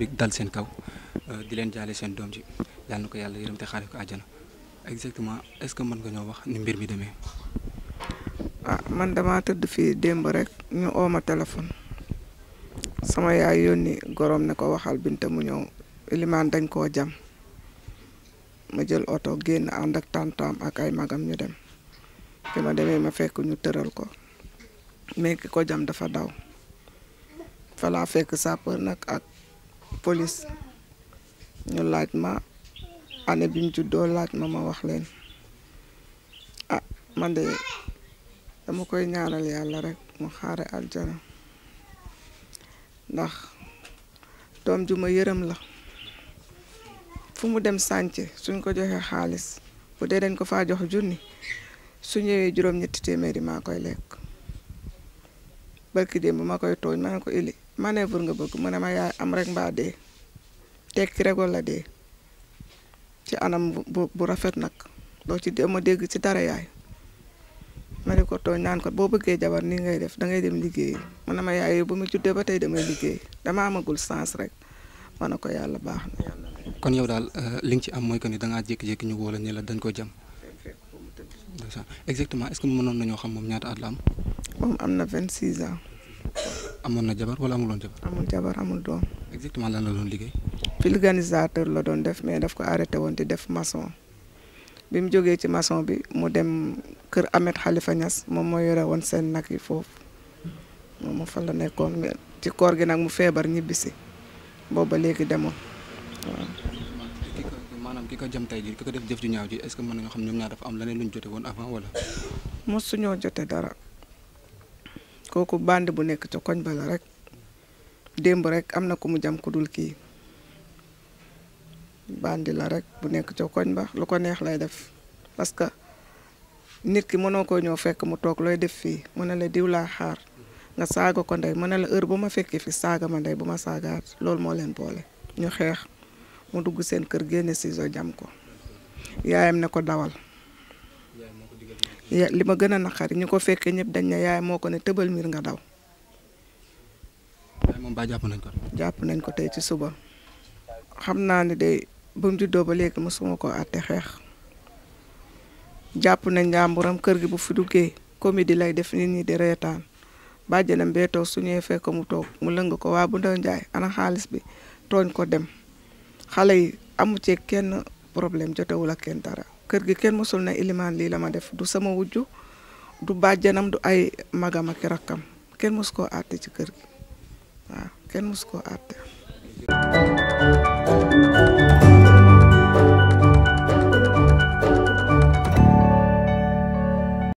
bi dal seen kaw euh, di leen jaale seen doom ji yàlla na ko yàlla yërëm te xaare ko àjjana exactement est-ce que mën nga ñoo wax ni mbir mi demee. ah man dama tëdd fii démb rek ñu oo ma téléphone sama yaay yónni gorom ne ko waxal Binta mu ñëw limaan dañ koo jam ma jël oto génn ànd ak tantam ak ay magam ñu dem bi ma demee ma fekk ñu tëral ko mais ko jam dafa daw falaa fekk sapeur nag ak police ñu laaj ma année bi mu juddoo laaj ma ma wax leen ah man de dama koy ñaanal yàlla rekk mu xaare aljana ndax doom ju ma yërëm la fu mu dem sànce suñ ko joxee xaalis bu dee dañ ko faa jox junni su ñëwee juróom-ñetti téeméeri maa koy lekk barki démb ma koy tooñ ma ne ko Ili manœuvre nga bëgg mu ne ma yaay am rek mbaa dee teg ci rek wala dee ci anam bu bu rafet nag loo ci ma dégg ci dara yaay ma ne ko tooñ naan ko boo bëggee jabar nii ngay def da ngay dem liggéey mu ne ma yaay ba mu juddee ba tey damay liggéey dama amagul sens rek ma ne ko yàlla baax na kon yow daal euh, li nga ci am mooy que ni da ngaa jékki-jékki ñu woo la ne la dañ ko jam. exactement est-ce que mënoon nañoo xam moom ñaata at la am. moom am na 26 ans. amoon na jabar wala amuloon jabar. amul jabar amul doom. exactement lan la loon liggéey. vulganisateur la doon def mais def ko arrêté woon di def maçon bi mu jógee ci maçon bi mu dem kër amet xalifa ñas moom moo yore woon seen nag yi foofu moom mu fa la nekkoon ci koor gi nag mu feebar ñibbisi booba léegi demoon waaw. maanaam ki ko jëm tey jii ki ko def jëf ju ñaaw ji est-ce que mën nañoo xam ñoom ñaar dafa am leneen lu ñu jote woon avant wala. mosuñoo jote dara. kooku bànd bu nekk ca koñ ba la rek démb rek am na ku mu jam ku dul kii bàndi la rek bu nekk ca koñ ba lu ko neex lay def parce que nit ki mënoo ko ñëw fekk mu toog looy def fii mu na la diw laa xaar nga saaga ko ndey mu na la heure bu ma fekkee fi saaga ma ndey bu ma saagaat loolu moo leen boole ñu xeex mu dugg seen kër génne ciseaux jam ko yaayam ne ko dawal li ma gën a naqari ñu ko fekkee ñëpp dañ ne yaay moo ko ne tëbal miir nga daw. moom jàpp nañ ko. jàpp nañ ko tey ci suba xam naa ne de ba mu juddoo ba léegi mosuma ko àtte xeex jàpp nañ njàmburam kër gi bu fi duggee di lay def nit ñi di reetaan bàjjanam bee toog su ñëwee fekk mu toog mu lëng ko waa bu ndaw njaay ana xaalis bi tooñ ko dem xale yi amu ci kenn problème jotewul ak kenn dara. kër gi kenn mosul na ilimaan lii la ma def du sama wujju du bàjjanam du ay magam ak rakkam kenn mos koo àtte ci kër gi waaw kenn mos koo àtte